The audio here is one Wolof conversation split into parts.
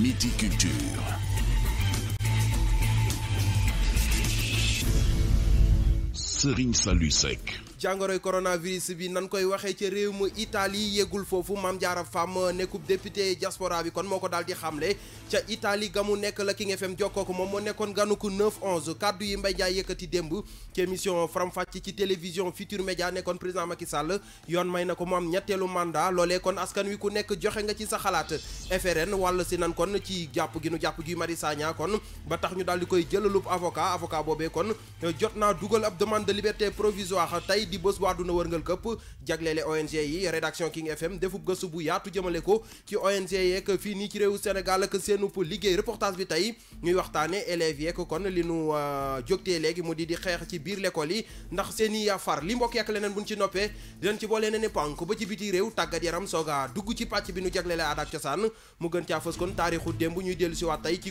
Midi Culture. Serine sec coronavirus bi nan koy waxe ci Italie yegul fofu Mam Jara Fam Nekup député diaspora bi kon Moko daldi xamlé ci Italie Gamu nek la King FM ko mom mo nekkoon ganuku 9 11 kaddu yi Mbaye Ndiaye yëkkati ci émission fram ci télévision Futur Média nekkoon président Macky Sall yoon may na am mandat lolé kon askan wi ku nek joxe nga ci sa FRN wàll si nan kon ci japp gi nu japp gi Mari kon ba tax ñu daldi avocat avocat Bobé, kon jotna naa ab demande de liberté provisoire tay di bés bu àdduna wërngal këpp jagleele ONG yi rédaction King FM defu gëstu bu yaatu jëmale ko ci ONG yeeg fii nii ci réewu Sénégal ak seenub liggéey reportage bi tey ñuy waxtaane élèves yeeg kon li nu euh, jógtee léegi mu di di xeex ci biir l'école yi ndax seen i far li mbokk yàq leneen buñ ci noppee dinañ ci boole ne ponk ba ci biti réew tàggat yaram sooga dugg ci pàcc bi nu jagleele aada ak cosaan mu gën caa fës kon taarixu démb ñuy dellu ci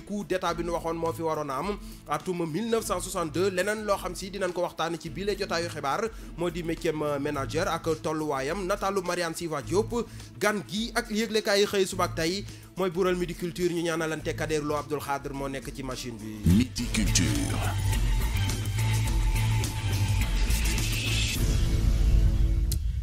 coup waxoon moo fi waroon a am atum 1962 leneen loo xam si dinañ ko waxtaane ci biile jotaayu xibaar moo di métier manager ak tolluwaayam nataalu Marianne Siva Diop gan gi ak yëglekaay yi xëy suba ak tey mooy bureau Midi Culture ñu ñaanalante Kader Lo Abdoul Khadr moo nekk ci machine bi. Midi Culture.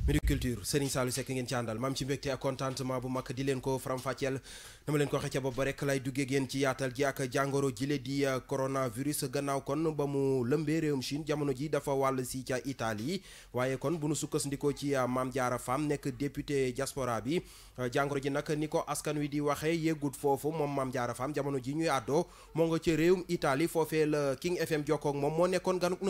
Midi Culture Serigne Saliou Seck ngeen ci àndal maam ci mbégte ak contentement bu mag di leen ko faram-fàcceel dama leen ko xecca bopp rek lay duggee ngeen ci yaatal gi ak jàngoro jile di euh, coronavirus gannaaw kon ba mu lëmbee réewum Chine jamono ji dafa wàll si ca Italie waaye kon bu nu sukkandikoo ci euh, maam jaara Fam nekk député diaspora bi euh, jàngoro ji nag ni ko askan wi di waxee yeggut foofu moom Mame jaara Fam jamono ji ñuy àddoo moo nga ca réewum Italie foofee la King FM jokkoog moom moo nekkoon ganuk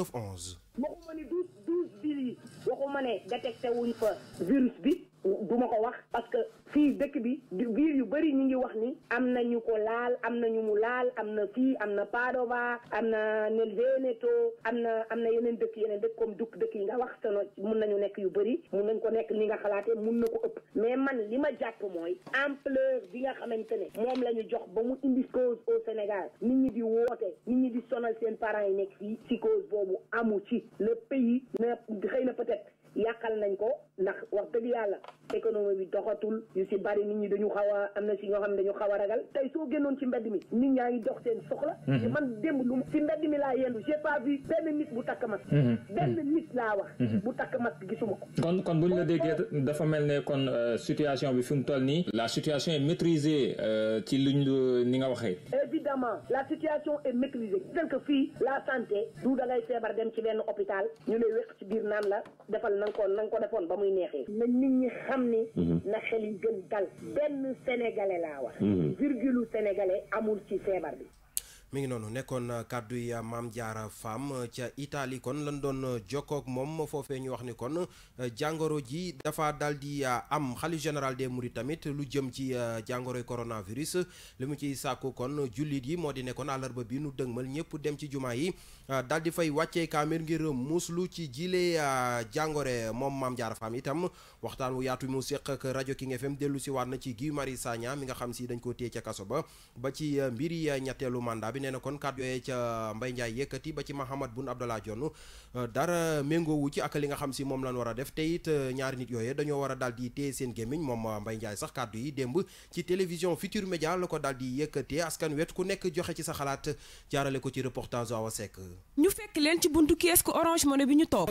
ma ne détecté wuñ fa virus bi du ko wax parce que fi dëkk bi biir yu bari ñu ngi wax ni am na ko laal am na ñu mu laal am na fii am na Padova am na nel Veneto am na am na yeneen dëkk yeneen dëkk comme dukk dëkk yi nga wax sano mun nañu nekk yu bari mun nañ ko nekk ni nga xalaatee mun na ko ëpp mais man li ma jàpp mooy ampleur bi nga xamante ne moom la ñu jox ba mu indi cause au Sénégal nit ñi di woote nit ñi di sonal seen parents yi nekk fii ci cause boobu amu ci le pays na xëy na peut-être yakal nañ ko ndax wax deug yalla économie bi doxatul yu si bari nit ñi dañu xawa amna ci na ñoo xam dañu xawa ragal tay so gennon ci mbedd mi nit ñaa ngi dox seen soxla mhm. man dem lu ci mbedd mi la yendu j'ai pas vu ben nit bu takk masque mhm. benn mhm. nit la wax bu takk masque gisuma kon kon buñ la déggé dafa melné kon euh, situation bi fi mu toll nii la situation est maîtrisée euh, ci luñ euh, ni nga waxé évidemment la situation est maîtrisée tel que fi la santé du da ngay feebar dem ci ben hôpital ñu lay wéq ci bir naan la defal na nga na nga ko defoon ba muy neexee na nit ñi xam ni mhm. na xel yi gën dal benn sénégalais laa wax mhm. virgule sénégalais amul ci feebar bi mi ngi noonu nekkoon kàddu yi Maam Jaara Faam ca Italie kon lan doon jokkook moom foofee ñu wax ni kon jàngoro ji dafa daal di am xalif général des muri tamit lu jëm ci euh, jàngoroy coronavirus li mu ciy sàkku kon jullit yi moo di nekkoon àllarba bi nu dëgmal ñëpp dem ci jumaa yi euh, daal di fay wàccee kaamir ngir muuslu ci jile jilee euh, jàngoro moom Maam Jaara Faam itam waxtaan wu yaatu mu séq ak rajo King FM dellu si waat na ci Guy Marius Sagna mi nga xam si dañ ko téye ca kaso ba ba ci mbiri ñetteelu mandat bi nee na kon kàddu yooyu ca Mbaye Ndiaye yëkkati ba ci Mahamad Boun Abdallah Dionne euh, dara méngoowu ci ak li nga xam si moom lan war a def te it euh, ñaari nit yooyu dañoo war a daal di téye seen gémmiñ moom euh, Mbaye Ndiaye sax kàddu yi démb ci télévision Futur Média la ko daal di yëkkatee askan wet ku nekk joxe ci sa xalaat jaarale ko ci reportage Awa Seck. ñu fekk leen ci buntu kees ku Orange Money bi ñu toog.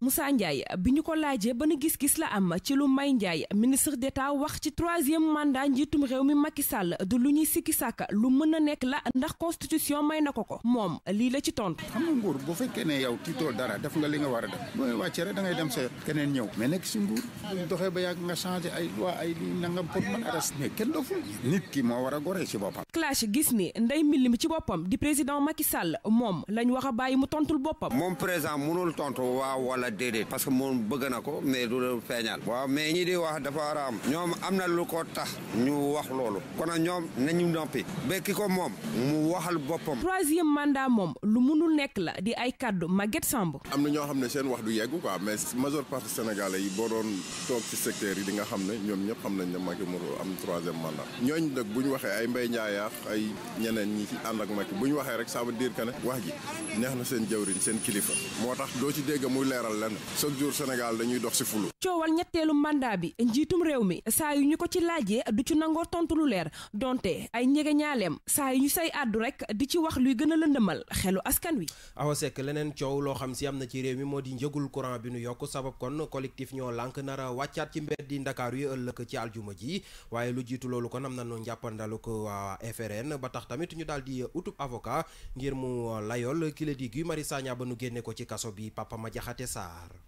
Moussa Ndiaye bi ñu ko laajee ba ban gis-gis la am ci lu Mbaye Ndiaye ministre d'État wax ci troisième mandat njiitum réew mi Macky Sall du lu ñuy sikki sàkk lu mën a nekk la ndax constitution may na ko ko moom lii la ci tontu. xam nga bu fekkee ne yow tiitoo dara def nga li nga war a def booy wàccee rek da ngay dem sa keneen ñëw mais nekk si nguur bu ba yàgg nga changé ay loi ay li nangam pour mën arrêté mais kenn doful nit ki moo war a goree ci Macky Sall moom lañ wax a bàyyi mu tontul boppam moom président mënul tontu waaw wala déedéet parce que moom bëgg na ko mais du la feeñal waaw mais ñi di wax dafa war a am ñoom am na lu ko tax ñu wax loolu kon nag ñoom nañu noppi ba ki ko mu waxal boppam troisième mandat moom lu mënul nekk la di ay kàddu Maguette Samb am na ñoo xam ne seen wax du yeggu quoi mais majeure partie sénégalais yi boo doon toog ci secteur yi di nga xam ne ñoom xam nañ ne Macky mënul am troisième mandat ñooñ nag bu ñu waxee ay mbay njaayaaf ay ñeneen ñi ci ànd ak Macky bu ñu rek ça veut dire que ne wax ji neex na seen jawriñ seen kilifa moo tax doo ci dégg muy leeral lenn chaque jour Sénégal dañuy dox si fulu coowal ñetteelu mandat bi njiitum réew mi saa yi ñu ko ci laajee du ci nangoo tontu lu leer donte ay ñegeñaaleem saa yu ñu say àddu rek di ci wax luy gën a lëndëmal xelu askan wi Awa Seck leneen coow loo xam si am na ci réew mi moo di njëgul courant bi nu yokk sabab kon collectif ñoo lànk nar a wàccaat ci mbedd di Ndakaar yi ëllëg ci aljuma ji waaye lu jiitu loolu kon am na nu njàppandalu ko waa FRN ba tax tamit ngir mu uh, layool ki la di Guy Marius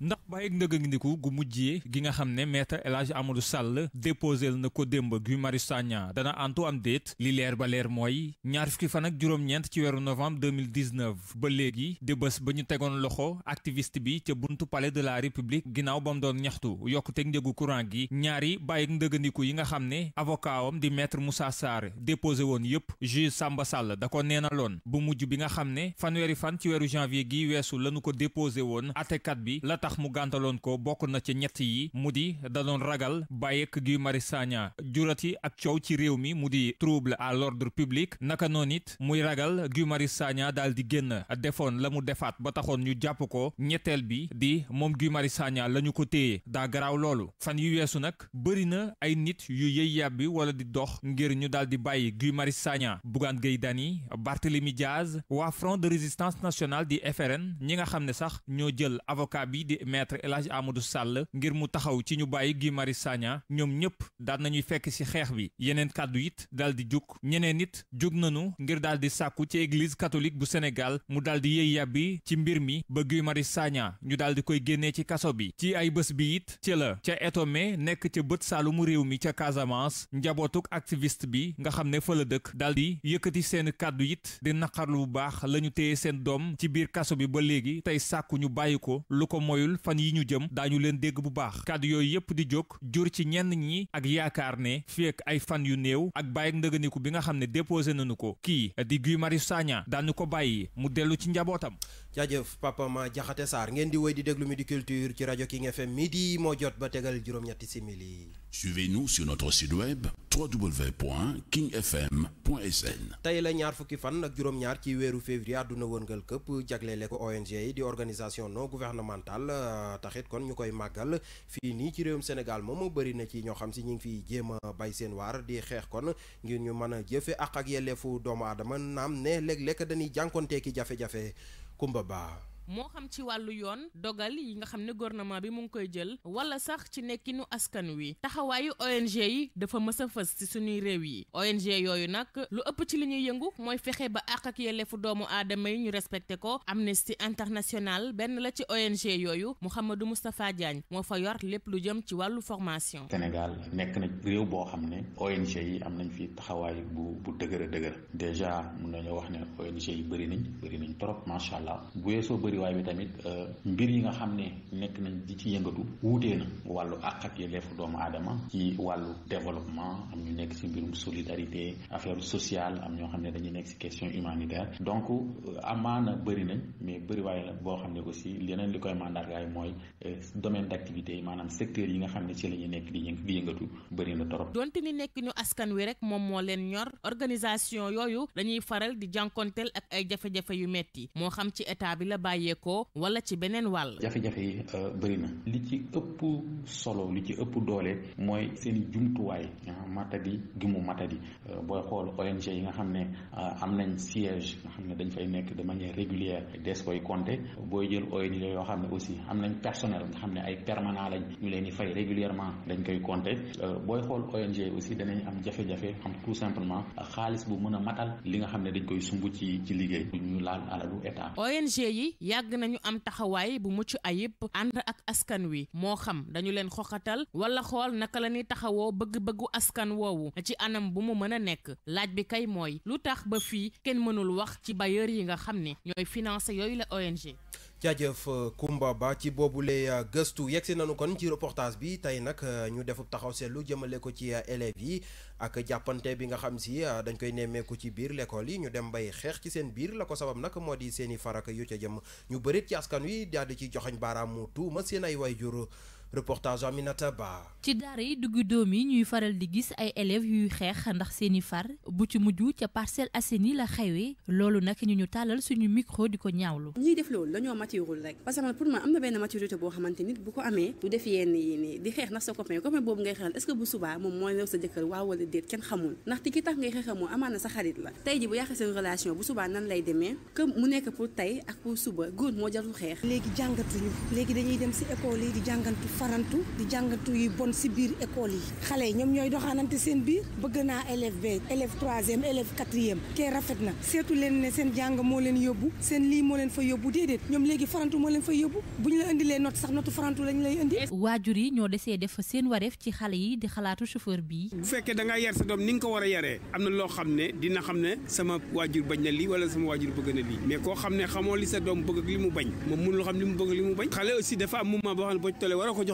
ndax bàyyi ndëgëndiku gu mujjee gi nga xam ne maître El Hadj Amadou Sall déposé na ko démb Guy Marius Sagna dana antu am déet li leer ba leer mooy ñaar fukki fan ak juróom ñent ci weeru novembre 2019 ba léegi di bés ba ñu tegoon loxo activiste bi ca buntu palais de la république ginnaaw ba mu doon ñaxtu yokkuteg njëgu courant gi ñaari bàyyi ndëgëndiku yi nga xam ne avocat wam di maître musa Sarr déposé woon yëpp juge Samba Sall da ko neenaloon bu mujj mujj bi nga xam ne fanweeri fan ci weeru janvier gi weesu lañu ko déposé woon atekat bi la tax mu gàntaloon ko bokk na ci ñett yi mu di da doon ragal bàyyek Guy Marius Sagna jurati ak coow ci réew mi mu di trouble à l'ordre public naka noon it muy ragal Guy Marius Sagna daal di génn defoon la mu defaat ba taxoon ñu jàpp ko ñetteel bi di moom Guy Marius Sagna la ñu ko téye daa garaaw loolu fan yi weesu nag bëri na ay nit yu yëy yàbbi wala di dox ngir ñu daal di bàyyi Guy Marius Sagna Bougane 2016 wa front de résistance nationale di FRN ñi nga xam sax ñoo jël avocat bi di maître Elage Amadou Sall ngir mu taxaw ci ñu bàyyi Guy Marius Sagna ñom ñëpp daan nañuy fekk ci xex bi yenen kaddu yit daal di juk ñeneen nit juk nañu ngir daal di sakku ci église catholique bu Sénégal mu daal di yëy yàbbi ci mbir mi ba Guy Marius Sagna ñu daal di koy génnee ci kasso bi ci ay bëss bi yit ci la étomé nek ci bëtt salu mu réew mi ci Casamance njabotuk activiste bi nga xam fa la dëkk daal di yëkëti seen kaddu yit di naqarlu bu baax la ñu téye seen doom ci biir kaso bi ba léegi tey sàkku ñu bàyyi ko lu ko moyul fan yi ñu jëm daañu leen dégg bu baax kàddu yooyu yëpp di jóg jur ci ñenn ñi ak yaakaar ne fii ak ay fan yu néew ak bàyyi ndëganiku bi nga xam ne déposé nañu ko kii di Guy Marius Sagna daañu ko bàyyi mu dellu ci njabootam jaajëf Papa Ma Jaxate saar ngeen di woy di déglu di Culture ci rajo King FM di moo jot ba tegal juróom-ñetti simili. Suivez-nous sur notre site web www.kingfm.sn. tey la ñaar fukki fan ak juróom-ñaar ci weeru février àdduna wërngal këpp jagleele ko ONG yi di organisation non gouvernementale euh, taxit kon ñu koy màggal fii nii ci réewum Sénégal moom bari na ci ñoo xam si ñu ngi fiy jéem a bay seen waar di xeex kon ngir ñu mën a jëfe àq ak yelleefu doomu aadama naam ne léeg-léeg dañuy jànkoonte ki jafe-jafe. Kumbaba. ba moo xam ci wàllu yoon dogal yi nga xam ne gouvernement bi mu ngi koy jël wala sax ci nekkinu askan wi taxawaayu ONG yi dafa mës a fës ci suñuy réew yi ONG yooyu nag lu ëpp ci li ñuy yëngu mooy fexe ba àq ak yelleefu doomu aadama yi ñu respecté ko Amnesty International benn la ci ONG yooyu Mouhamadou Moustapha Diagne moo fa yor lépp lu jëm ci wàllu formation. Sénégal nekk nañ réew boo xam ne ONG yi am nañ fi taxawaay bu bu dëgër a dëgër déjà mun nañoo wax ne ONG yi bëri nañ bëri riwaay bi tamit euh, mbir yi nga xam ne nekk nañ di ci yëngatu wuutee na wàllu àq ak yelleefu doomu aadama ci wàllu développement am ñu nekk si mbirum solidarité affaire sociale am ñoo xam ne dañu nekk si question humanitaire donc euh, amaana bëri nañ mais bëriwaay la boo xam ne aussi leneen li koy mandargaay mooy euh, domaine d'activité yi maanaam secteur yi nga xam ne ci la ñu nekk di yëng di yëngatu bëri na torop donte ni nekk ñu askan wi rek moom moo leen ñor organisation yooyu dañuy faral di jànkonteel ak ay bàyyeekoo wala ci beneen wàll. jafe yi euh, bëri na li ci ëpp solo li ci ëpp doole mooy seen i jumtuwaay ah, matadi gi mu matadi euh, booy xool ONG yi nga xam ne euh, am nañ siège nga xam ne dañ fay nekk de manière régulière des koy compter booy jël ONG yoo xam ne aussi am nañ personnel nga xam ne ay permanent lañ ñu leen di fay régulièrement dañ koy compter booy xool ONG aussi danañ am jafe-jafe am xaalis bu mën a matal li nga xam ne dañ koy sumb ci ci liggéey ñu laal alalu état. ONG yi yàgg nañu am taxawaay bu mucc ayib ànd ak askan wi moo xam dañu leen xoxatal wala xool naka la ñuy taxawoo bëgg-bëggu askan woowu ci anam bu mu mën a nekk laaj bi kay mooy lu tax ba fii kenn mënul wax ci bailleur yi nga xam ne ñooy financer yooyu la ONG jaajëf euh, Koumba Ba ci boobule euh, gëstu yegsi nañu kon ci reportage bi tey nag euh, ñu defub taxaw lu jëmale ko ci élèves yi ak jàppante bi nga xam si dañ koy nemmeeku ci biir lekkool yi ñu dem bay xeex ci seen biir la ko sabab nag moo di seeni i faraka yu ca jëm ñu bërit ci askan wi daal di ci joxoñ baaraamu tuuma seen ay waajur reportage Aminata Ba. ci daara yi dugg doom yi ñuy faral di gis ay élèves yuy xeex ndax seeni far bu ci mujj ca Parcelles Assainies la xewee loolu nag ñu ñu tàllal suñu micro di ko ñaawlu. ñuy def loolu dañoo maturul rek parce que man pour man am na benn maturité boo xamante nit bu ko amee du def yenn yi nii di xeex ndax sa copain copain boobu ngay xeexal est-ce que bu subaa moom mooy rew sa jëkkër waaw déet kenn xamul ndaxte ki tax ngay xeexal moom amaana sa xarit la tey ji bu yàqee seen relation bu subaa nan lay demee que mu nekk pour tey ak pour suba góor moo jarul xeex léegi jàngatuñu léegi farantu di jangatu yu bon ci biir école yi xalé ñom ñoy doxanante seen biir bëgg na élève bi élève troisième élève quatrième kee rafet na sétu len né seen jang mo len yobbu seen li mo len fa yobbu dédét ñom légui farantu mo len fa yobbu bu ñu la indilee note sax note farantu lañ lay andi wajuri ño déssé def seen wareef ci xalé yi di xalaatu chauffeur bi bu féké da nga yar sa ni nga ko dina xamné sama wajur bañ na li wala sama wajur bëgg na li mais ko xamné xamoo li sa dom bëgg ak li mu bañ moom mënul xam li mu bëgg li mu bañ xalé aussi dafa am mouvement bo xamné bo ci ko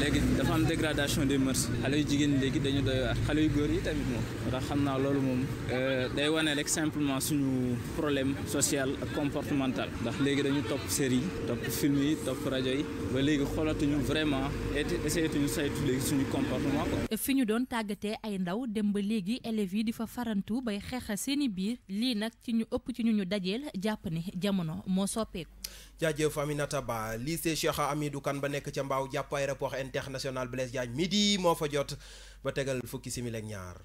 léegi dafa am dégradation des mœurs xale yu jigéen ñi léegi dañu doy waar xale yu góor yi tamit moom ndax xam naa loolu moom euh, day wane rek simplement suñu problème social ak comportemental ndax léegi dañu topp série topp film yi topp rajo yi ba léegi xoolatuñu vraiment essayatuñu saytu léegi suñu comportement quoi. fi ñu doon tàggatee ay ndaw dem ba léegi élèves yi di fa farantu bay xeexa seeni biir lii nag ci ñu ëpp ci ñu ñu dajeel jàpp ni jamono moo soppeeku. jaajëf Aminata Ba lycée Cheikh Amidou ba jàpp aéroport international Blaise Diagne midi moo fa jot ba tegal fukki simili ak ñaar.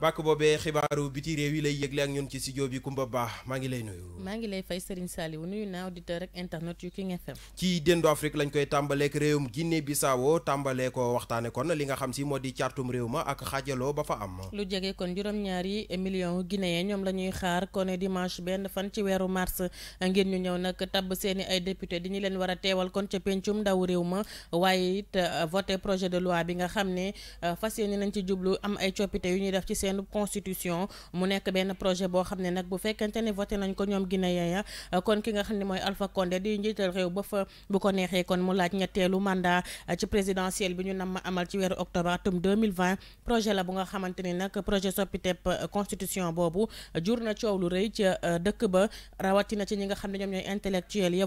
bàkk boobee xibaaru biti réew yi lay yëgle ak ñun ci studio bi Kumba Ba maa ngi lay nuyu. maa ngi lay fay Serigne Saliou nuyu naa auditeur ak internet yu King FM. ci dendu Afrique lañ koy tàmbaleek réew million guinéen ñoom la ñuy xaar kon dimanche benn fan ci weeru mars ngir ñu ñëw nag tabb seen i ay député di ñu leen war a teewal kon ca pencum ndaw réew ma waaye it voté projet de loi bi nga xam ne fas yéene nañ ci jublu am ay coppite yu ñuy benn constitution mu nek ben projet bo xamné nak bu fekkente ne voté nañ ko ñom Guinéen kon ki nga xamné moy Alpha Condé di njiital réew ba fa bu ko nexé kon mu laaj ñettelu mandat ci présidentielle bi ñu nam amal ci weeru octobre atum 2020 projet la bu nga xamante ni nak projet soppiteb constitution bobu jurna ciowlu coow ci euh, dëkk ba na ci ñi nga xamné ñom ñoy intellectuel ya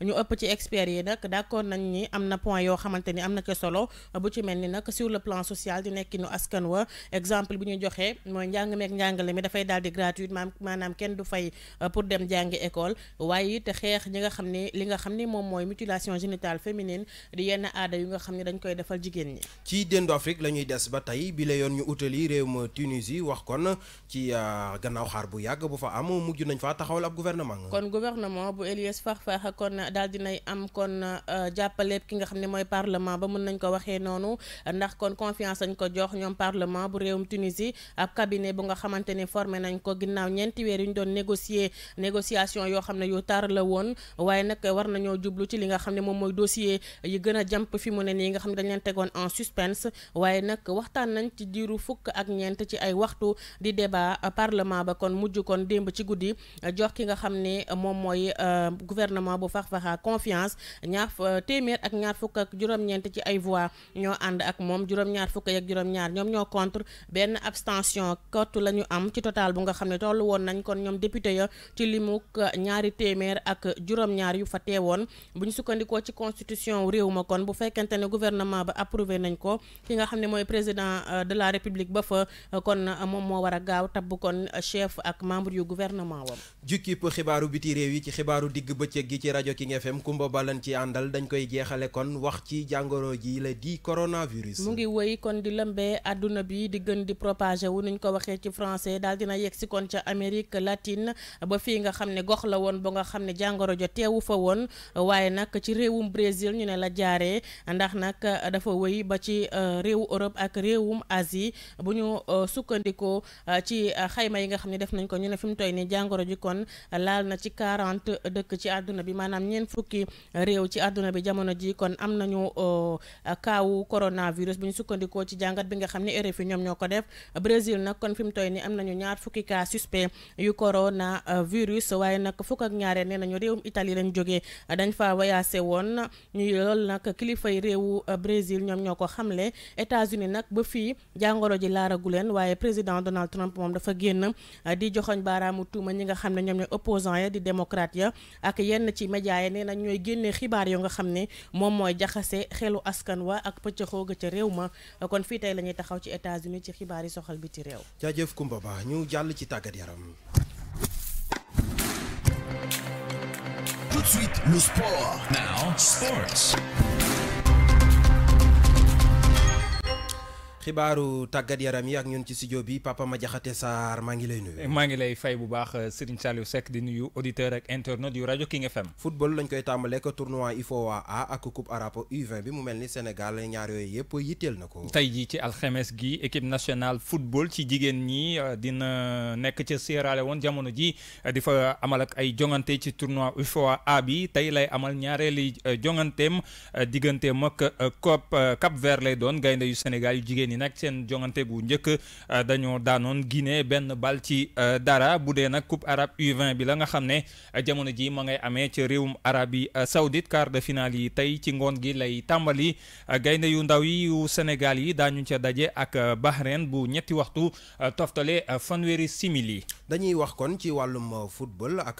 ñu upp ci expert yi nak d'accord nañ ni amna point yo xamante ni amna ke solo bu ci melni nak sur le plan social di nekkinu askan wa exemple bu ñu joxe waxee mooy njàng meek njàngale mi dafay daal di gratuite maam maanaam kenn du fay euh, pour dem jàngi école waaye it xeex ñi nga xam ne li nga xam ne moom mooy mutilation génitale féminine di yenn aada yu nga xam ne dañ koy defal jigéen ñi. ci dendu Afrique la ñuy des ba tey bi la yoon ñu utali réew ma Tunisie wax kon ci euh, gannaaw xaar bu yàgg bu fa am mujj nañ faa taxawal ab gouvernement. kon gouvernement bu Eliès Faxfax kon daal di nay am kon euh, jàppale ki nga xam ne mooy parlement ba mën nañ ko waxee noonu ndax kon confiance lañ ko jox ñoom parlement bu réewum Tunisie ab cabinet bu nga xamante ne formé nañ ko ginnaaw ñeenti weer yu ñu doon négocier négociation yoo xam ne yu tar la woon waaye nag war nañoo jublu ci li nga xam ne moom mooy dossier yi gën a jàmp fi mu ne nii nga xam ne dañ leen tegoon en suspense waaye nag waxtaan nañ ci diiru fukk ak ñeent ci ay waxtu di débat parlement ba kon mujj kon démb ci guddi jox ki nga xam ne moom mooy euh, gouvernement bu fax-faxa confiance ñaar téeméer ak ñaar fukk ak juróom ci ay voix ñoo ànd ak moom juróom-ñaar fukk ak juróom ñoo contre benn abstention kott la ñu am ci total bu nga xam ne toll woon nañ kon ñoom député ya ci limuk euh, ñaari téeméer ak juróom-ñaar yu fa teewoon bu ñu sukkandikoo ci constitution réew ma kon bu fekkente ne gouvernement ba approuvé nañ ko ki nga xam ne mooy président euh, de la république ba fa euh, kon moom moo war a gaaw tabb kon chef ak membre yu gouvernement wam jukkib xibaaru biti réew yi ci xibaaru digg bëccëg gi ci rajo King FM Kumba Balan ci àndal dañ koy jeexale kon wax ci jàngoro ji la wu ñu ko waxee ci français daal dina yegg si kon ca Amérique latine ba fii nga xam ne gox la woon ba nga xam ne jàngoro ja teewu fa woon waaye nag ci réewum Brésil ñu ne la jaaree ndax nag dafa wëy ba ci euh, réewu Europe ak réewum Asie bu ñu euh, sukkandikoo euh, ci xayma yi nga xam ne def nañ ko ñu ne fi mu toy nii jàngoro ji kon laal na ci 40 dëkk ci àdduna bi maanaam ñeen fukki réew ci àdduna bi jamono ji kon am nañu kaawu coronavirus bu ñu sukkandikoo ci jàngat bi nga xam ne RFI ñoom ñoo ko def Brésil nag kon fi mu toll nii am nañu ñaar fukki cas suspect yu corona virus waaye nag fukk ak ñaareel nee nañu réewum Italie lañ jógee dañ fa wayaase woon ñuy lool nag kilifay réewu euh, Brésil ñoom ñoo ko xamle États-Unis nag ba fii jàngoro ji laaragu leen waaye président Donald Trump moom dafa génn euh, di joxoñ baaraamu tuuma ñi nga xam ne ñoom ñooy opposant ya di démocrate ya ak yenn ci média yi ñooy génne xibaar yu nga xam ne moom mooy jaxase xelu askan wa ak pëccëxoo ga ca ma kon fii tey la ñuy taxaw ci biti réew. jaajëf Kumba Ba ñu jàll ci tàggat yaram. xibaaru tàggat yaram yi ak ñun ci studio bi Papa Madiakhaté Sarr maa ngi lay nuyu. Eh, maa ngi lay fay bu baax euh, Serigne Saliou Seck di nuyu auditeur ak internet yu rajo King FM. football lañ koy tàmbalee ko tournoi UFOA A ak coupe arabe u bi mu mel ni Sénégal ñaar yooyu yëpp yitteel na ko. tey jii ci alxemes gi équipe nationale football ci jigéen ñi euh, dina euh, nekk ca Sierra woon jamono ji di fa amal ak ay jongante ci tournoi UFOA A bi tey lay amal ñaareeli jonganteem digganteem ak Cap Cap lay doon gaynde yu Sénégal yu jigéen ni nak sen jongante bu njëkk eh, dañu daanon Guinée ben bal ci eh, dara budé nak coupe arab U20 bi la nga xamné eh, jamono ji ma ngay amé ci réewum arabi Saoudite quart de finale yi tay ci ngone gi lay tambali gayna yu ndaw yi yu Sénégal yi dañu ci dajé ak Bahrain bu ñetti waxtu toftalé fanwéri simili. dañuy wax kon ci walum football ak.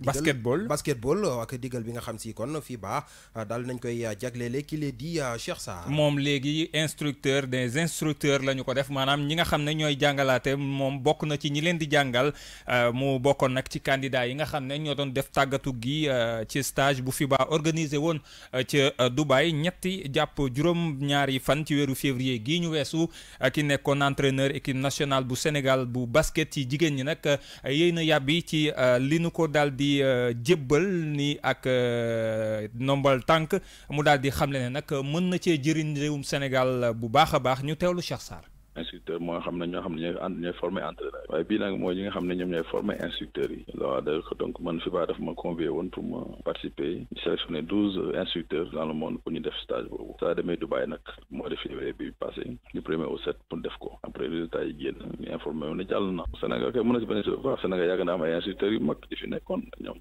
digal basketball basketball ak digal bi nga xam ci kon fi ba dal nañ koy jaglélé ki lee di Cheikh sa mom légui instructeur des instructeur la ñu ko def maanaam ñi nga xam ne ñooy jàngalaate moom bokk na ci ñi leen di jàngal euh, mu bokkoon nag ci candidat yi nga xam ne ñoo doon def tàggatu gi euh, ci stage bu fi baax organisé woon euh, ca Dubaï ñetti jàpp juróom-ñaari fan ci weeru février gii ñu weesu ki nekkoon entreneur équipe nationale bu Sénégal bu basket ci jigéen ñi nag yéy na yàbbi ci li nu ko daal di jébbal ni ak nombal tànk mu daal di xamle ne nag mën na cee jëriñ réewum Sénégal bu baax baax teewlu cheikh instructeur moo xam ne ñooy ànd ñooy yi loi donc man FIBA dafa ma convié woon pour ma participer ñu douze instructeurs dans le monde pour ñu def stage boobu saa demee Dubaï nag mois de février bi du premier au sept pour def ko après résultat yi génn ñu ne jàll na Sénégal kay mën na si benn soo baax Sénégal fi nekkoon ñoom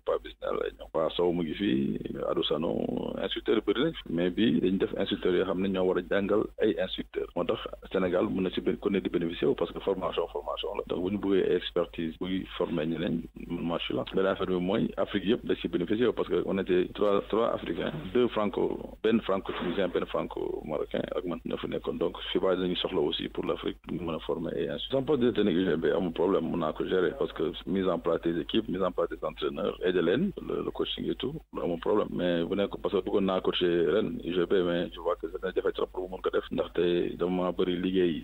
yi bëri mais bii dañ def instructeurs yoo xam ne ñoo war a ay instructeurs moo tax Sénégal ci ben, ku ne di bénéficier parce que formation formation la donc bu ñu bëggee expertise buy former ñeneen man je suis là la affaire bi mooy Afrique yëpp da ci bénéficier parce que on était trois trois africains deux franco ben franco tunisien ben franco marocain ak man ñoo fi nekkoon donc FIBA dañu soxla aussi pour l' Afrique ñu mën a former et ainsi sans pas de technique UGB amul problème mën naa ko gérer parce que mise en place des équipes mise en place des entraîneurs aider leen le coaching et tout amul problème mais bu nekk parce que bëggoon naa coacher ren UGB mais je vois que dina jafe trop pour mu mën ko def ndaxte dama bëri liggéey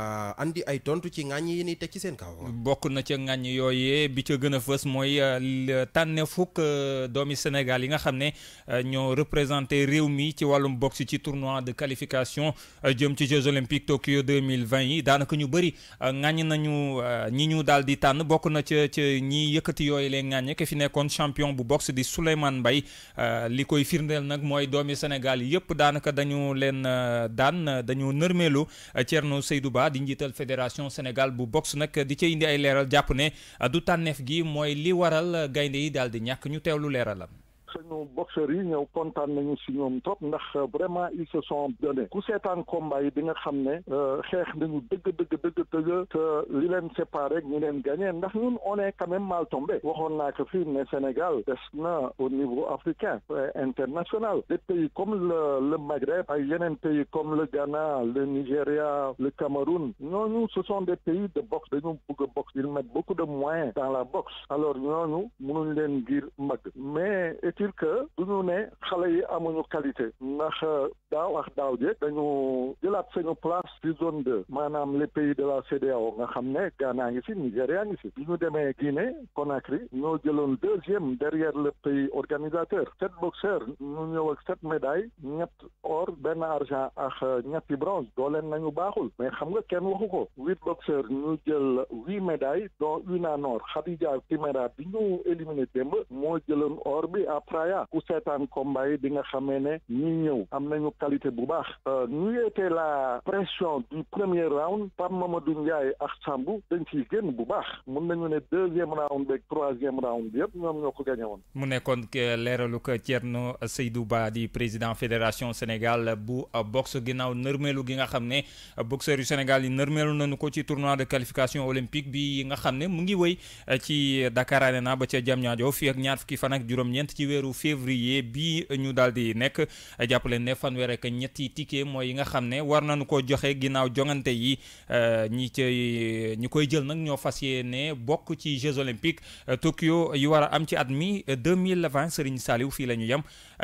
andi ay tontu ci ngagne yi ni ci sen kaw. bokku na ci ngagne yoyé bi ci gëna moy Sénégal yi nga xamné euh, ñoo représenté réew mi ci walum boxe ci tournoi de qualification euh, jëm ci Jeux olympiques Tokyo 2020 yi daanaka ñu bari ngagne euh, nañu ñi ñu daldi tan bokku na ci ñi yëkëti yoyé lé ngagne Ke fi nekkoon champion bu boxe di souleyman Bay. li koy firndeel nag mooy Sénégal yépp danaka dañu leen dan dañu nërmeelu Thierno Seydou Ba di njiital fédération Sénégal bu box nag di ca indi ay leeral jàpp ne du tànneef gi mooy li waral gaynde yi daal di ñàkk ñu teew lu teewlu la suñu boxeurs yi ñëw kontaan nañu si ñoom trop ndax vraiment ils se sont donnés ku seetaan combat yi di nga xam ne nous euh, nañu dëgg dëgg dëgg dëgg te li leen séparé ñu gagné ndax ñun on est quand même mal tombé On a que fii ne Sénégal des na au niveau africain international des pays comme le le Maghreb a yeneen pays comme le Ghana le Nigeria le Cameroun Nous, ce sont des pays de boxe dañu bëgg boxe ils mettent beaucoup de moyens dans la boxe alors ñooñu nous, leen ngir mag mais est-il que nous ñu ne xale qualité ndax euh, avons nous daaw je place les pays de la CDAO nga xam ne Ghana ngi Nous Guinée Conakry ñoo deuxième derrière le pays organisateur sept boxeurs ñu médailles ñett or benn argent ak euh, ñetti bronze doo leen nañu mais xam nga kenn huit boxeurs jël huit médailles dont une en or Khadija bi ñu éliminé démb moo or bi après wilaya ku seetaan combat yi di nga xamé né ñi ñëw am nañu qualité bu baax euh, ñu yété la pression du premier round par Mamadou Ndiaye ak Sambou dañ ci genn bu baax mën nañu né deuxième round beeg troisième round yépp yëpp ñoko gagné won gañe woon mu nekkoon leeralu ko Thierno Seydou Ba di président fédération Sénégal bu boxe ginnaaw neurmelu gi nga xamné boxeur yu Sénégal yi neurmelu nañu ko ci tournoi de qualification olympique bi nga xamné mu ngi wëy ci Dakar Arena ba ca Diamniadio fi ak ñaar fi fan ak juroom ñent ci weeru février bii ñu daal di nekk jàpp leen ne fanweer ak ñetti ticket mooy yi nga xam ne war nañu ko joxe ginnaaw jongante yi euh, ñi cay ñi koy jël nag ñoo fas ne bokk ci Jeux olympiques euh, Tokyo yu war a am ci at mi 2020 euh, Serigne Saliou fii lañu ñu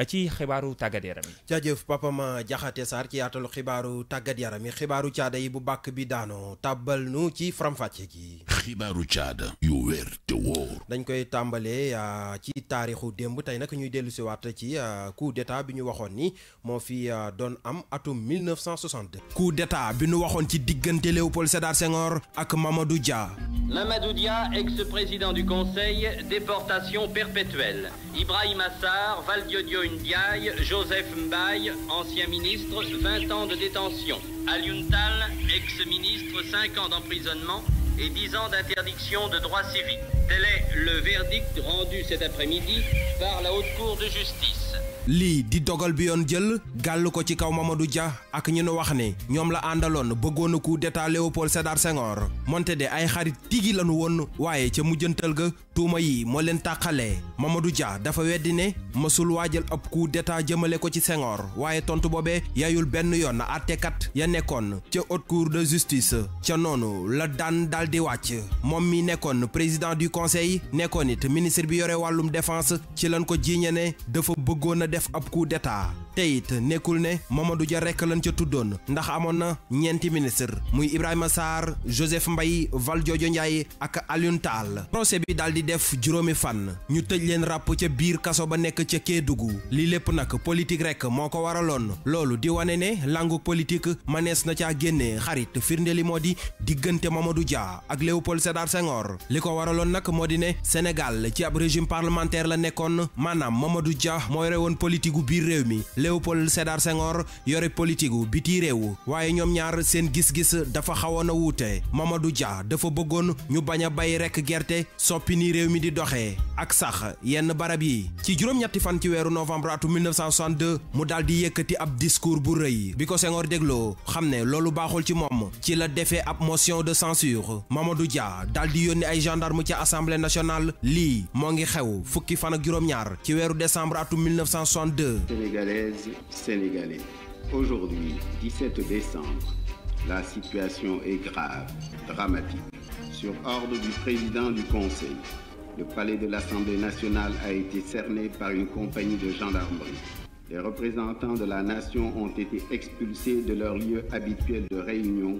ci xibaaru tàggat yaram yi. jaajëf Papa Ma Jaxate Sarr ci yaatalu xibaaru tàggat yaram yi xibaaru caada yi bu bàkk bi daanoo tàbbal nu ci faram-fàcce gi. xibaaru caada yu wér te wóor. dañ koy tàmbalee ci taarixu démb daanaka ñuy dellu ci euh, coup d'état bi ñu ni fi euh, am 1962. coup d'état bi ñu waxon ci digënté Léopold Sédar Senghor ak Mamadou Dia. Mamadou Dia ex-président du conseil déportation perpétuelle Ibrahim Assar, Valdiodio Ndiaye Joseph Mbaye ancien ministre 20 ans de détention Aliuntal, ex-ministre 5 ans d'emprisonnement et 10 ans d'interdiction de droits civiques. Tel est le verdict rendu cet après-midi par la Haute Cour de justice. lii di dogal bi yoon jël gàll ko ci kaw Mamadou Dia ak ñu nu wax ne ñoom la àndaloon bëggoon a coup d'état Léopold Sédar Senghor moonte de ay xarit tigi lanu woon waaye ca mujjantal ga tuuma yi moo leen tàqalee Mamadou Dia dafa weddi ne mësul waajal ab coup d'état jëmale ko ci Senghor waaye tontu boobe yayul benn yoon na àttekat ya nekkoon ca haute cour de justice ca noonu la daan daal di wàcc moom mi nekkoon président du conseil nekkoon it ministre bi yore wàllum défense ci lañ ko jiiñe ne def ab coup d'état te it nekkul ne Mamadou Dia rek lañ ca tuddoon ndax amoon na ñeenti ministre muy Ibrahima Sarr Joseph val Valdiodio Ndiaye ak Alioune Tall procès bi daal di def juróomi fan ñu tëj leen ràpp ca biir kaso ba nekk ca Kédougou lii lépp nag politique rek moo ko waraloon loolu di wane ne langu politique mënees na caa génne xarit firnde li moo di diggante Mamadou Dia ak Léopold Sédar Senghor li ko waraloon nag moo di ne Sénégal ci ab régime parlementaire la nekkoon maanaam Mamadou Dia mooy rewoon politique gu biir réew mi Léopold Sédar Senghor yore politique gu biti réew waaye ñoom ñaar seen gis-gis dafa xawoon a wute ma Mamadou Dia dafa bëggoon ñu bañ a bay rekk gerte soppi ni réew mi di doxee ak sax yenn barab yi ci juróom-ñetti fan ci weeru novembre atum 1962 mu daal di yëkkati ab discours bu rëy bi ko Senghor dégloo xam ne loolu baaxul ci moom ci la defee ab motion de censure Mamadou Dia daal di yónni ay gendarme ci assemblée nationale lii moo ngi xew fukki fan ak juróom-ñaar ci weeru décembre atum 1962. sénégalais Sénégalais. Aujourd'hui, 17 décembre, la situation est grave, dramatique. Sur ordre du président du Conseil, le palais de l'Assemblée nationale a été cerné par une compagnie de gendarmerie. Les représentants de la nation ont été expulsés de leur lieu habituel de réunion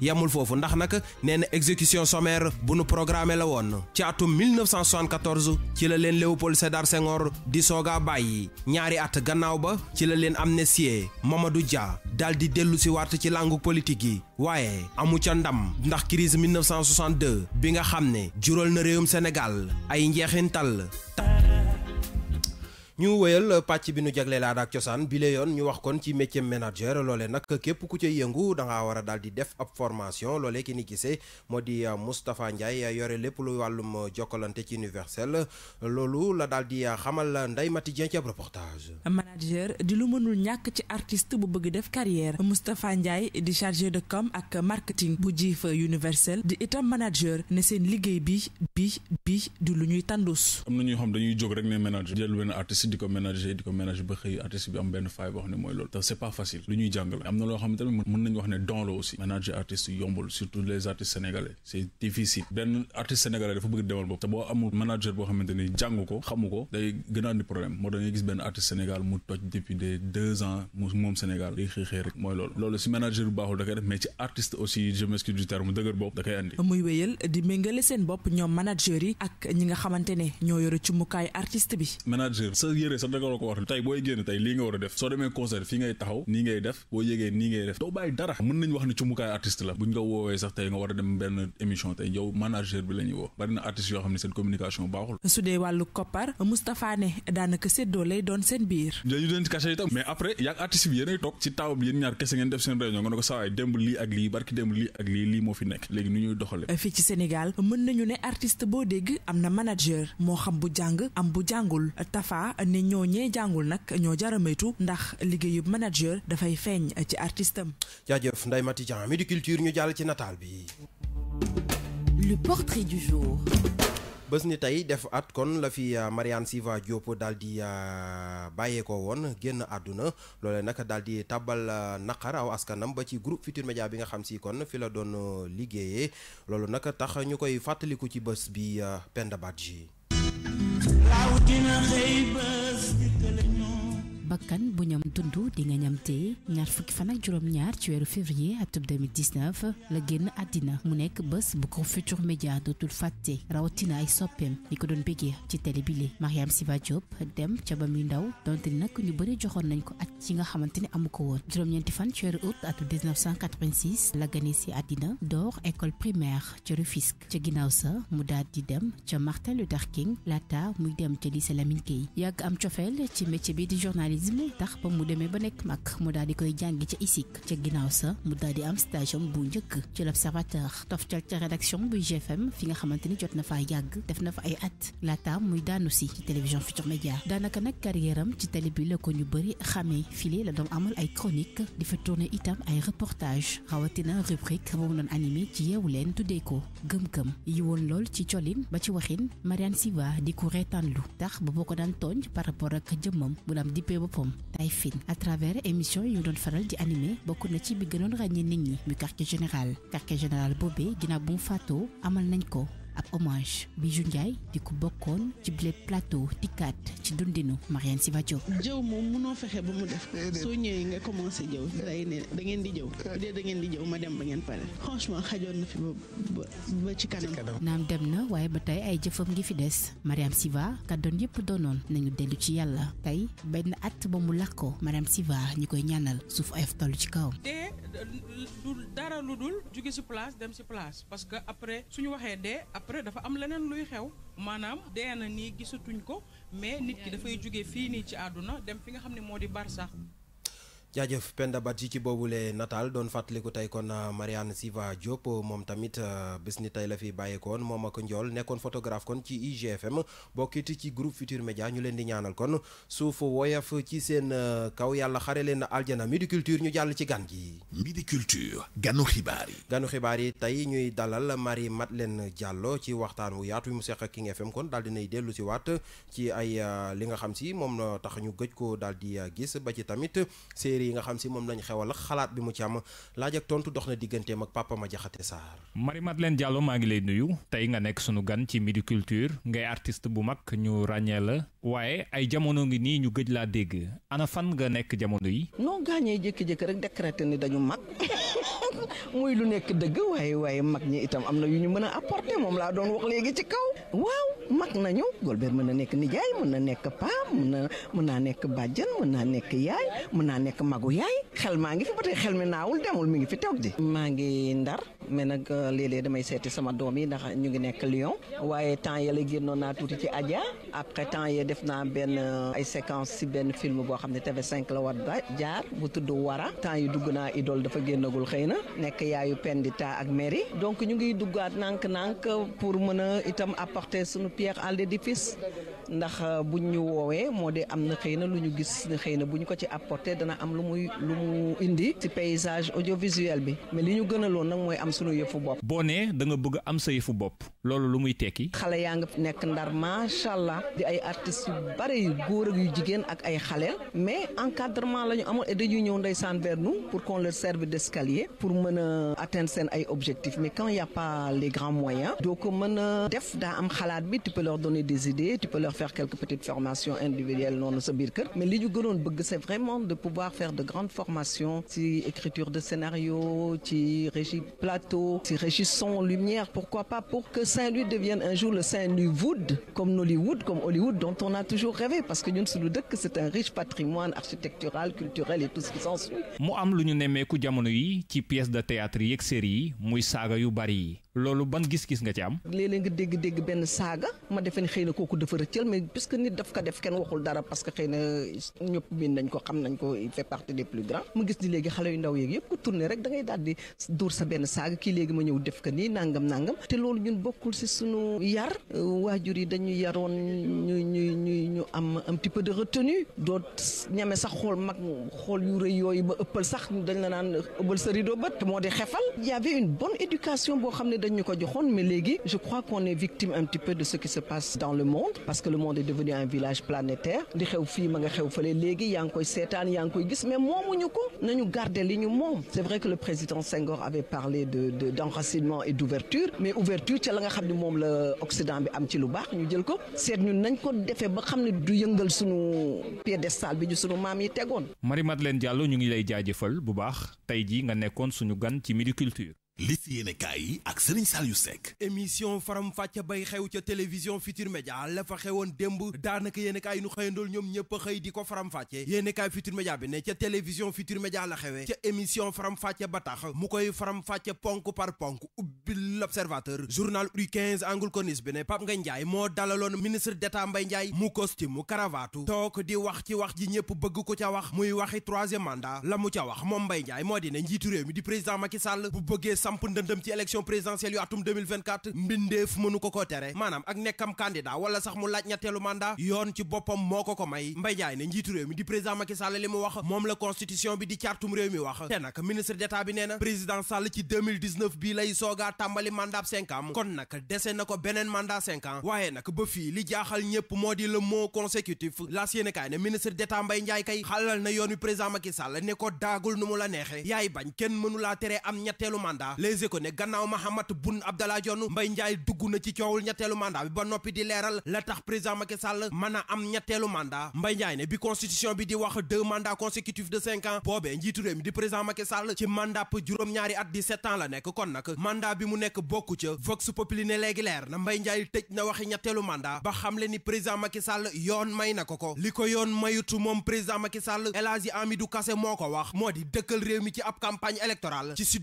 yamul foofu ndax nag nee na exécution sommaire bu nu programmé la woon ci atum 1974 ci la leen Léopold Sédar Senghor di sooga bàyyi ñaari at gannaaw ba ci la leen amnistie Mamadou Dia daal di dellu si ci làngu politique yi waaye amu ca ndam ndax crise 1962 bi nga xam ne jural na réewum Sénégal ay njeexintal ñu wéyal pàcc bi nu jagleel aada ak cosaan bi yoon ñu wax kon ci métier manager loole nag képp ku ca yëngu da ngaa war a daal di def ab formation loole ki ni gisee moo di Moustapha Ndiaye yore lépp lu wàllum jokkalante ci universel loolu la daal di xamal Ndeye Mati Dieng ci ab reportage. manager di lu mënul ñàkk ci artiste bu bëgg def carrière Moustapha Ndiaye di chargé de com ak marketing bu jiifa universel di itam manager ne seen liggéey bi bi bi du lu ñuy tàndus. am na ñoo xam dañuy jóg rek ne ménager di ko ménager ba xëy artiste bi am benn faay boo xam mooy loolu te c'est pas facile lu ñuy jàng la am na loo xam tamit mën nañu wax ne don aussi ménager artiste yombul surtout c'est difficile benn artiste sénégalais dafa bëgg demal bopp te boo amul manager boo xamante ni jàng ko xamu ko day gën a problème moo dañuy gis benn artiste Sénégal mu toj depuis des ans moom Sénégal day rek mooy manager ak ñi nga xamante ne ñoo yore ci mukaay bi manager sa yére sa danga ko war tey booy génn tey lii nga war a def soo demee concert fii ngay taxaw nii ngay def seen communication baaxul su dee wàllu koppar mais après yaag artiste bi yéenay toog ci taaw bi yéen ñaar kese ngeen def seen réunion nga ne ko saawaay démb lii ak lii barki démb lii ak lii lii moo fi nekk léegi nu ñuy doxale fii ci Sénégal mën nañu ne artiste poste boo dégg am na manager moo xam bu jàng am bu jàngul Tafa ne ñoo ñee jàngul nag ñoo jara moytu ndax liggéeyub manager dafay feeñ ci artistam am. jaajëf Ndeye Mati Dia Midi ñu jàll ci nataal bi. bés ni tey def at kon la fi euh, Marianne Siva Diop daal di euh, bàyyeekoo woon génn àdduna loolee naka daal di tàbbal euh, naqar aw askanam ba ci groupe Futurs Médias bi nga xam si kon fi la doon liggéeyee loolu nag tax ñu koy fàttaliku ci bés bi Penda Badji bakkan bu ñam dund di nga ñam tee ñaar fukki fan ak juróom-ñaar ci weeru février atum la génn àddina mu nekk bés bu ko Futurs Médias dootul fàtte rawatina ay soppeem li ko doon béggee ci télé bi li Mariam Siva Diop dem ca ba muy ndaw donte ni nag ñu bëri joxoon nañ ko at ci nga xamante ni amu ko woon juróom-ñeenti fan ci weeru août atum 1986 la gane si àddina door école primaire ca Rufisque ca ginnaaw sa mu daal di dem ca Martin Luther King laata muy dem ca lycée paludisme tax ba mu demee ba nek mak mu daal di koy jàngi ci isik ci ginaaw sa mu daal di am station bu njëkk ci l'observateur toftal ci rédaction bu GFM fi nga xamanteni ni jot na def na fa ay at ta muy daanu ci télévision Futur Média danaka nak carrière am ci télé bi la ko ñu bëri xamee file la doon amal ay chronique di fa tourner itam ay reportage rawatina rubrique bu mu doon animé ci yeewu leen tuddee ko gëm-gëm yi won lol ci colin ba ci waxine Marianne Siva di ko reetaanlu tax ba boko dan daan par rapport ak jëmmam bu daam dippee boppam tay fin à travers émission yu doon faral di animer bokk na ci bi gënoon ragné nit ñi muy quartier général quartier général bobé ginnaaw bu mu faatoo amal nañ ko ab hommage Bijou Ndiaye di ko bokkoon ci bile plateau tikkaat ci dundinu Mariane Siva jëw moom munoo fexe ba mu def. soo ñëwee nga commencé jëw day ne da di jëw bu dee da di jëw ma dem ba ngeen pare franchement xajoon na fi ba ba ci kanam. naam dem na waaye ba tey ay jëfam ngi fi des Mariane Siva kàddoon yëpp doonoon nañu dellu ci yàlla tey benn at ba mu làkkoo Mariane Siva ñu koy ñaanal suuf ayaf toll ci kawam. te du dara lu dul jóge si place dem si place parce après dafa am leneen luy xew maanaam dee na nii gisatuñ ko mais nit ki dafay jóge fii nii ci àdduna dem fi nga xam ne moo di barsax jaajëf Penda Badji ci le natal doon fàttaliku tey kon ah, Marianne Siva Diop ah, moom tamit ah, bés ni tey la fi bàyyeekoon moom ak Ndiol nekkoon photographe kon ci IGFM bokkit ci groupe Futur Média ñu leen di ñaanal kon suuf woyaf ci seen kaw yàlla xare leen aljana midi culture ñu jàll ci gan gi. midi culture ganu xibaar yi. ganu xibaar yi tey ñuy dalal Marie Madeleine Diallo ci waxtaan wu yaatu mu seq King FM kon daal dinay dellu si waat ci ay li nga xam si moom tax ñu gëj ko daal gis ba ci tamit c'est mbir yi nga xam ci mom lañ xewal xalaat bi mu ci am laaj ak tontu doxna digënté mak papa ma jaxate sar Mari Madeleine Diallo ma ngi lay nuyu tay nga nek suñu gan ci Midi Culture ngay artiste bu mak ñu ràññee la waaye ay jamono ngi ni ñu gëj la dégg ana fan nga nek jamono yi. no gañé jëk jëk rek décrété ni dañu mak muy lu nek dëgg waaye waaye mak ñi itam amna yu ñu mëna apporter mom la doon wax légui ci kaw waw mak nañu Golbert mëna nek nijaay mëna nek pam mëna mëna nek mën mëna nek yaay mëna nek magu yaay xel maa ngi fi ba tey xel mi naawul demul mi ngi fi toog di maa ngi ndar mais nag euh, léeg damay seeti sama doom yi ndax ñu ngi nekk Lyon waaye temps la génnoon naa tuuti ci Adja après temps yi def naa benn euh, ay séquence si benn film boo xam ne tv cinq la war jaar bu tudd Wara temps yi dugg naa Idole dafa génnagul xëy na nekk yaayu Pendita ak Mary donc ñu ngi duggaat nànk-nànk pour mën a itam apporter suñu pierre à l'édifice ndax euh, buñ ñu woowee moo di am na xëy na lu ñu gis xëy na bu ñu ko ci apporter dana am lu muy lu mu indi ci paysage audiovisuel bi mais li ñu gënaloon nag mooy am sunu yëfu bopp. boo nee da nga bëgg am sa yëfu bopp loolu lu muy tekki. xale yaa ngi nekk ndar macha allah di ay artistes yu bari yu góor ak yu jigéen ak ay xaleel mais encadrement la ñu amoon et dañuy ñëw ndeysaan vers nous pour qu'on leur serve d'escalier pour mën a atteindre seen ay objectifs mais quand il y a pas les grands moyens doo ko mën a def daa am xalaat bi tu peux leur donner des idées tu peux leur faire quelques petites formations individuelles non ce mais li ñu nous c'est vraiment de pouvoir faire de grandes formations si écriture de scénario ci régie plateau si régie son lumière pourquoi pas pour que Saint-Louis devienne un jour le Saint-Louis Wood comme Hollywood, comme Hollywood dont on a toujours rêvé parce que ñun suñu que c'est un riche patrimoine architectural culturel et tout ce qui s'ensuit mu am lu ñu jamono yi ci pièces de théâtre série muy lolu ban gis-gis nga ci am. léeg nga dégg-dégg ben saga ma defe ne xeyna koku kooku dafa mais puisque nit daf ko def ken waxul dara parce que xeyna na min miin nañ ko xam nañ ko il fait partie des plus grands mu gis ni léegi xalé yu ndaw yeeg yëpp ku tourné rek da ngay daal di dóor sa ben saga ki léegi ma ñëw def ka ni nangam nangam té lolu ñun bokul ci sunu yar wajuri dañu yaroon ñu ñu ñu ñu am un petit peu de retenue do ñame sax xol mag xol yu rëy yoy ba ëppal sax dañ la naan ëppal sa rido bët moo di il y avait une bonne éducation bo xam ñu ko mais je crois qu'on est victime un petit peu de ce qui se passe dans le monde parce que le monde est devenu un village planétaire di xew fii ma nga xew fële léegi yaa ngi koy il y a koy gis mais moomuñu nous, nañu garder li ñu moom c'est vrai que le président Senghor avait parlé de d'enracinement et d'ouverture mais ouverture c'est la nga xam ne moom C'est Occident bi am ci lu baax ñu jël ko seet ñun nañ ko defee ba xam du yëngal sunu piédestal bi ñu sunu maam yi Marie Madeleine Diallo ñu ngi lay jaajëfal bu baax tey jii nga nekkoon suñu gan ci Midi li si yéene kaay yi ak Serigne Saliou Seck émission faram fàcce bay xew ca télévision Futur Média la fa xewoon demb daanaka yéene kaay nu xëyandool ñoom ñëpp xëy di ko faram fàcce yéene kaay Futur bi ne ca télévision Futur Média la xewee ca émission faram fàcce ba tax mu koy faram fàcce ponk par ponk ubbi l'observateur journal U 15 angle corniche bi ne Pape Ngagne Ndiaye moo dalaloon ministre d'État Mbaye Ndiaye mu costume mu cravate toog di wax ci wax ji ñëpp bëgg ko ca wax muy waxi troisième mandat la mu ca wax moom Mbaye Ndiaye moo di ne njiitu mi di président Macky Sall bu bëggee samp ndëndëm ci élection présidentielle yu atum 2024 mbindeef mënu ko ko tere maanaam ak nekkam candidat wala sax mu laaj ñetteelu mandat yoon ci boppam moo ko ko may Mbaye Ndiaye ne njiitu réew mi di président Macky Sall li mu wax moom la constitution bi di cartum réew mi wax te nag ministre d'état bi nee na président Sall ci 2019 bii lay soogaa tàmbali mandat 5 ans kon nag dese na ko beneen mandat 5 waaye nag ba fii li jaaxal ñëpp moo di le mot consécutif laas yéene kaay ne ministre d'état Mbaye Ndiaye kay xalal na yoon wi président Macky Sall ne ko daagul nu mu la neexe yaay bañ kenn mënu laa tere am ñetteelu mandat Les Échos ne gannaaw Mahammed Boun Abdallah Dionne Mbaye Ndiaye dugg na ci coowul ñetteelu mandat bi ba noppi di leeral la tax président Macky Sall mën a am ñetteelu mandat Mbaye Ndiaye ne bi constitution bi di wax deux mandats consécutifs de cinq ans boobee njiitu réew mi di président Macky Sall ci mandat juróom-ñaari at di sept ans la nekk kon nag mandat bi mu nekk bokku ca Vox Populi ne léegi leer na mbay Ndiaye tëj na waxi ñetteelu mandat ba xam le ni président Macky Sall yoon may na ko li ko yoon mayutu moom président Macky Sall El Hadji Amidou Kassé moo ko wax moo di dëkkal réew mi ci ab campagne électorale ci Sud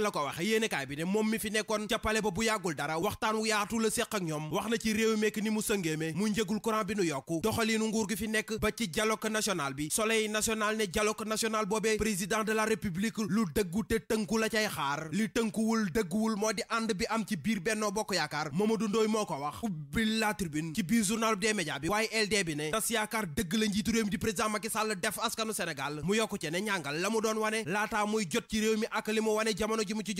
la ko wax baax yéenekaay bi ne moom mi fi nekkoon ca pale ba bu yàggul dara waxtaan wu yaatu la séq ak ñoom wax na ci réew mekk ni mu sëngéeme mu njëgul courant bi nu yokku doxaliinu nguur gi fi nekk ba ci dialogue national bi soleil national ne dialogue national boobee président de la république lu dëggu te tënku la cay xaar li tënkuwul dëgguwul moo di ànd bi am ci biir Benno Bokk Yaakaar Mamadou Ndoye moo ko wax ubbil la tribune ci biir journal des médias bi waaye LD bi ne tas yaakaar la njiitu réew mi di président Macky la mu doon wane laataa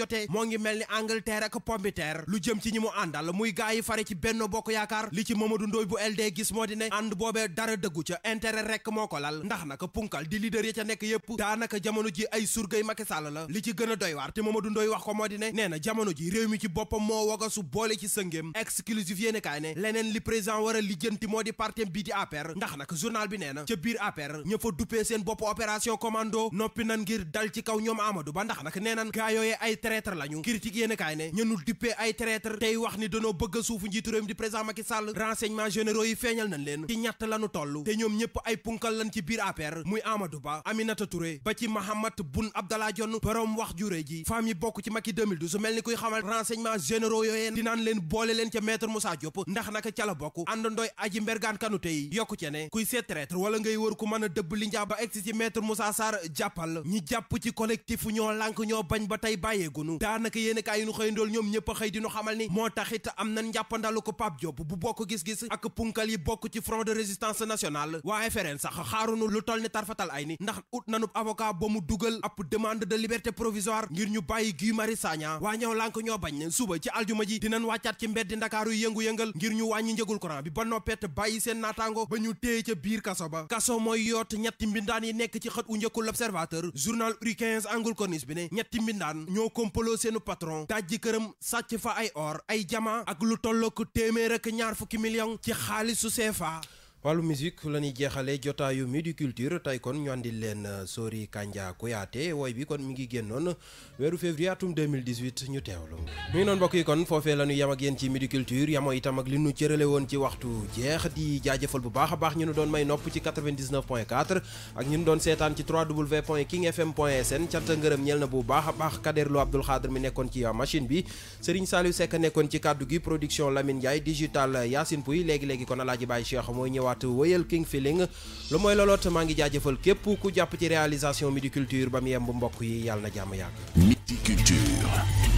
jotee moo ngi mel ni Angleterre ak pombiteer lu jëm ci ñi mu àndal muy gaay yi fare ci benn Bokk Yaakaar li ci Mamadou Ndoye bu LD gis moo di ne ànd boobee dara dëggu ca intérêt rekk moo ko lal ndax naka punkal di leader ya ca nekk yépp daanaka jamono ji ay surgay Macky Sall la li ci gën a doy waar te Mamadou Ndoye wax ko moo di ne nee na jamono ji réew mi ci boppam moo wagasu boole ci sëngéem exclusif yéene kaay ne leneen li président wara a lijjanti moo di parti bii di APR ndax nag journal bi nee na ca biir APR ña fa duppee seen bopp opération commando noppi nan dal ci kaw ñoom Amadou Ba ndax traiteur lañu critique yene kay ne ñenul dippé ay traiteur tay wax ni dañoo bëgg suufu njiitu réew di président Macky Sall renseignement généraux yi feñal nañ leen ci ñatt lañu tollu té ñom ñëpp ay punkal lañ ci biir APR muy Amadou Ba Aminata Touré ba ci Mahamat Boun Abdallah Dionne borom wax juré ji fam yi bokku ci Macky 2012 melni kuy xamal renseignement généraux yoyé dinan leen bolé leen ci maître Moussa Diop ndax naka ci la bokku andandoy aji mbergan kanu tay yokku ci ne kuy set traiteur wala ngay wër ku mëna deub li ñaba ex ci maître Moussa Sarr jappal ñi japp ci collectif ñoo lank ñoo bañ ba tay bayé gunu daanaka yéen kaay yi nu xëy ndool ñoom ñëpp a xëy dinu xamal ni moo taxit am na njàppandalu ko Pape Diop bu bokk gis-gis ak punkal yi bokk ci front de résistance nationale waaye fereen sax xaarunu lu toll ni tarfatal ay ni ndax ut nanub ba mu dugal ab demande de liberté provisoire ngir ñu bàyyi Guy Marius Sagna waa ñëw lànk ñoo bañ ne suba ci aljuma ji dinañ wàccaat ci mbeddi ndakaaru yëngu-yëngal ngir ñu wàññi njëgul courant bi ba noppeet bàyyi seen naataango ba ñu téye ca biir kaso ba yi nekk ci xët u njëkkul l'observateur journal uri 15 angul corniche bi ne ñetti kompaloo seenu patron dajji këram sàcc fa ay or ay jama ak lu tolloo tollook téeméer ak ñaar fukki million ci xaalisu CFA wàllu musique la ñuy jeexalee jotaayu Midi Culture tey kon ñu andil leen euh, Sori Kandia Kouyaté woy bi kon mi ngi génnoon weeru février atum 2018 ñu teewlu. mi ngi noonu mbokk yi kon foofee la ñu yem ak yéen ci Midi Culture yamoo itam ak li ñu cërale woon ci waxtu jeex di jaajëfal bu baax a baax ñu nu doon may nopp ci 99.4 ak ñu nu doon seetaan ci www.kingfm.sn cant ngërëm ñeel na bu baax a baax Kader Lo Abdoul mi nekkoon ci euh, machine bi Serigne Saliou Seck nekkoon ci waat wëyal King Feeling lu mooy loloot maa ngi jaa jëfal képp ku jàpp ci réalisation Midi Culture ba mu yemb mbokk yi yàlla na jàmm yàgg. Midi Culture.